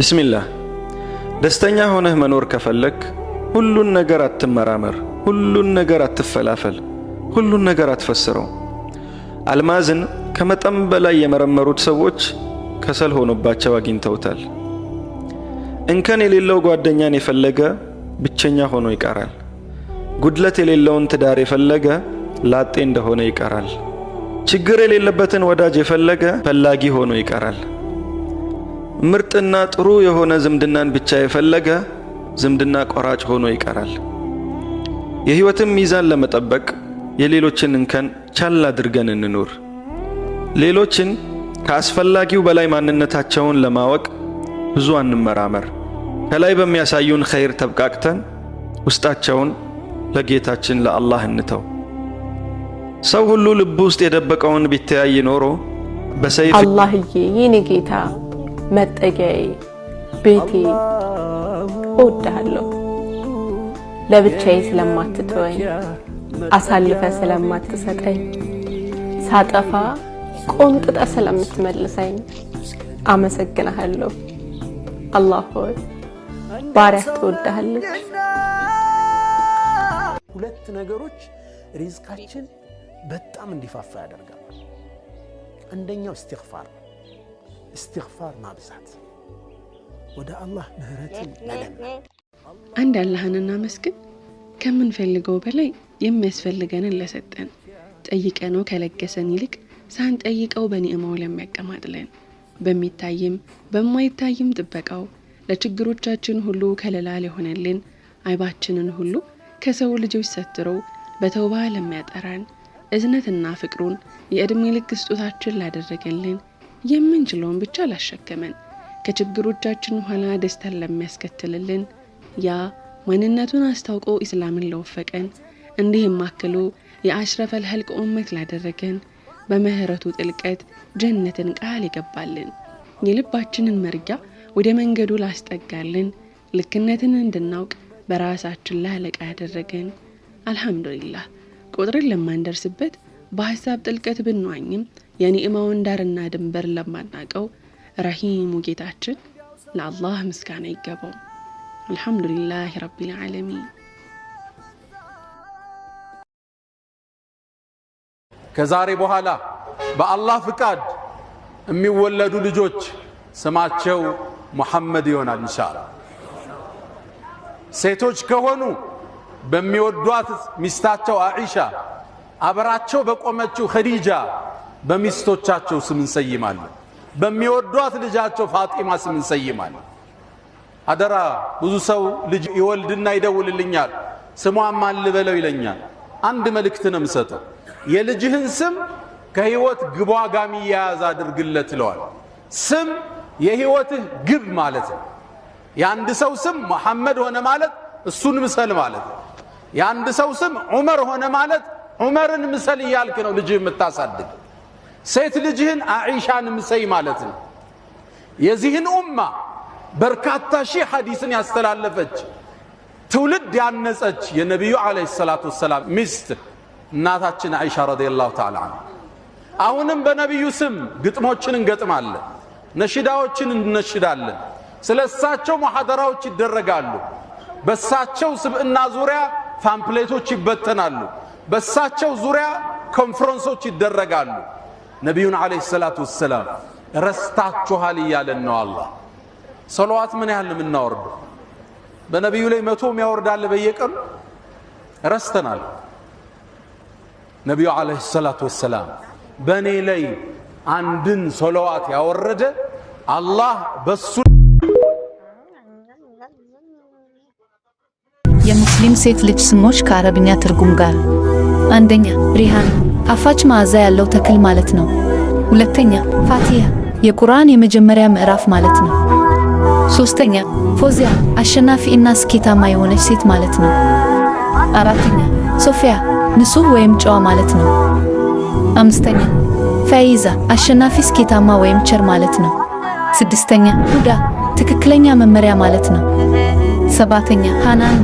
ብስሚላህ ደስተኛ ሆነህ መኖር ከፈለግ ሁሉን ነገር አትመራመር፣ ሁሉን ነገር አትፈላፈል፣ ሁሉን ነገር አትፈስረው። አልማዝን ከመጠን በላይ የመረመሩት ሰዎች ከሰል ሆኖባቸው አግኝተውታል። እንከን የሌለው ጓደኛን የፈለገ ብቸኛ ሆኖ ይቀራል። ጉድለት የሌለውን ትዳር የፈለገ ላጤ እንደሆነ ይቀራል። ችግር የሌለበትን ወዳጅ የፈለገ ፈላጊ ሆኖ ይቀራል። ምርጥና ጥሩ የሆነ ዝምድናን ብቻ የፈለገ ዝምድና ቆራጭ ሆኖ ይቀራል። የሕይወትን ሚዛን ለመጠበቅ የሌሎችን እንከን ቻል አድርገን እንኑር። ሌሎችን ከአስፈላጊው በላይ ማንነታቸውን ለማወቅ ብዙ አንመራመር። ከላይ በሚያሳዩን ኸይር ተብቃቅተን ውስጣቸውን ለጌታችን ለአላህ እንተው። ሰው ሁሉ ልብ ውስጥ የደበቀውን ቢተያይ ኖሮ በሰይፍ አላህዬ የኔ ጌታ መጠጊያዬ፣ ቤቴ እወድሃለሁ። ለብቻዬ ስለማትተወኝ አሳልፈ ስለማትሰጠኝ ሳጠፋ ቆንጥጠ ስለምትመልሰኝ አመሰግናሃለሁ። አላህ ሆይ ባሪያህ ትወዳሃለች። ሁለት ነገሮች ሪዝቃችን በጣም እንዲፋፋ ያደርጋል። አንደኛው እስትግፋር እስትግፋር ማብዛት፣ ወደ አላህ ምህረትን መለመን። አንድ አላህን እናመስግን። ከምንፈልገው በላይ የሚያስፈልገንን ለሰጠን ጠይቀነው ከለገሰን ይልቅ ሳንጠይቀው በኒዕማው ለሚያቀማጥለን በሚታይም በማይታይም ጥበቃው ለችግሮቻችን ሁሉ ከለላ ሊሆነልን አይባችንን ሁሉ ከሰው ልጆች ሰትሮ በተውባ ለሚያጠራን እዝነትና ፍቅሩን የዕድሜ ልክ ስጦታችን ላደረገልን የምንችለውን ብቻ ላሸከመን ከችግሮቻችን ኋላ ደስታን ለሚያስከትልልን ያ ማንነቱን አስታውቆ ኢስላምን ለወፈቀን እንዲህም አክሎ የአሽረፈል ህልቅ ኡመት ላደረገን በምህረቱ ጥልቀት ጀነትን ቃል ይገባልን የልባችንን መርጊያ ወደ መንገዱ ላስጠጋልን ልክነትን እንድናውቅ በራሳችን ላይ አለቃ ያደረገን አልሐምዱሊላህ ቁጥርን ለማንደርስበት በሀሳብ ጥልቀት ብንዋኝም የኒዕማውን ዳርና ድንበር ለማናቀው ረሂሙ ጌታችን ለአላህ ምስጋና ይገባው። አልሐምዱሊላህ ረቢል ዓለሚን። ከዛሬ በኋላ በአላህ ፍቃድ የሚወለዱ ልጆች ስማቸው ሙሐመድ ይሆናል ኢንሻአላህ። ሴቶች ከሆኑ በሚወዷት ሚስታቸው አኢሻ አበራቸው በቆመችው ኸዲጃ በሚስቶቻቸው ስም እንሰይማለን። በሚወዷት ልጃቸው ፋጢማ ስም እንሰይማለን። አደራ ብዙ ሰው ልጅ ይወልድና ይደውልልኛል። ስሟን ማን ልበለው ይለኛል። አንድ መልእክት ነው የምሰጠው፣ የልጅህን ስም ከህይወት ግቧ ጋር የሚያያዝ አድርግለት ይለዋል። ስም የህይወትህ ግብ ማለት ነው። የአንድ ሰው ስም መሐመድ ሆነ ማለት እሱን ምሰል ማለት ነው። የአንድ ሰው ስም ዑመር ሆነ ማለት ዑመርን ምሰል እያልክ ነው ልጅህ የምታሳድግ። ሴት ልጅህን አኢሻን ምሰይ ማለት ነው። የዚህን ኡማ በርካታ ሺህ ሐዲስን ያስተላለፈች ትውልድ ያነጸች የነቢዩ ዓለይሂ ሰላቱ ወሰላም ሚስት እናታችን አይሻ ረዲየላሁ ተዓላ አንሃ። አሁንም በነቢዩ ስም ግጥሞችን እንገጥማለን፣ ነሽዳዎችን እንነሽዳለን። ስለ እሳቸው ሙሐደራዎች ይደረጋሉ። በእሳቸው ስብዕና ዙሪያ ፓምፕሌቶች ይበተናሉ። በእሳቸው ዙሪያ ኮንፈረንሶች ይደረጋሉ። ነቢዩን ዓለይሂ ሰላቱ ወሰላም ረስታችኋል እያለን ነው አላህ። ሰለዋት ምን ያህል የምናወርደው በነቢዩ ላይ መቶ የሚያወርዳለ በየቀኑ ረስተናል። ነቢዩ ዓለይሂ ሰላቱ ወሰላም በእኔ ላይ አንድን ሰለዋት ያወረደ አላህ በሱ ሙስሊም ሴት ልጅ ስሞች ከአረብኛ ትርጉም ጋር፣ አንደኛ ሪሃን ጣፋጭ መዓዛ ያለው ተክል ማለት ነው። ሁለተኛ ፋቲያ የቁርአን የመጀመሪያ ምዕራፍ ማለት ነው። ሶስተኛ ፎዚያ አሸናፊ እና ስኬታማ የሆነች ሴት ማለት ነው። አራተኛ ሶፊያ ንጹህ ወይም ጨዋ ማለት ነው። አምስተኛ ፈይዛ አሸናፊ፣ ስኬታማ ወይም ቸር ማለት ነው። ስድስተኛ ሁዳ ትክክለኛ መመሪያ ማለት ነው። ሰባተኛ ሃናን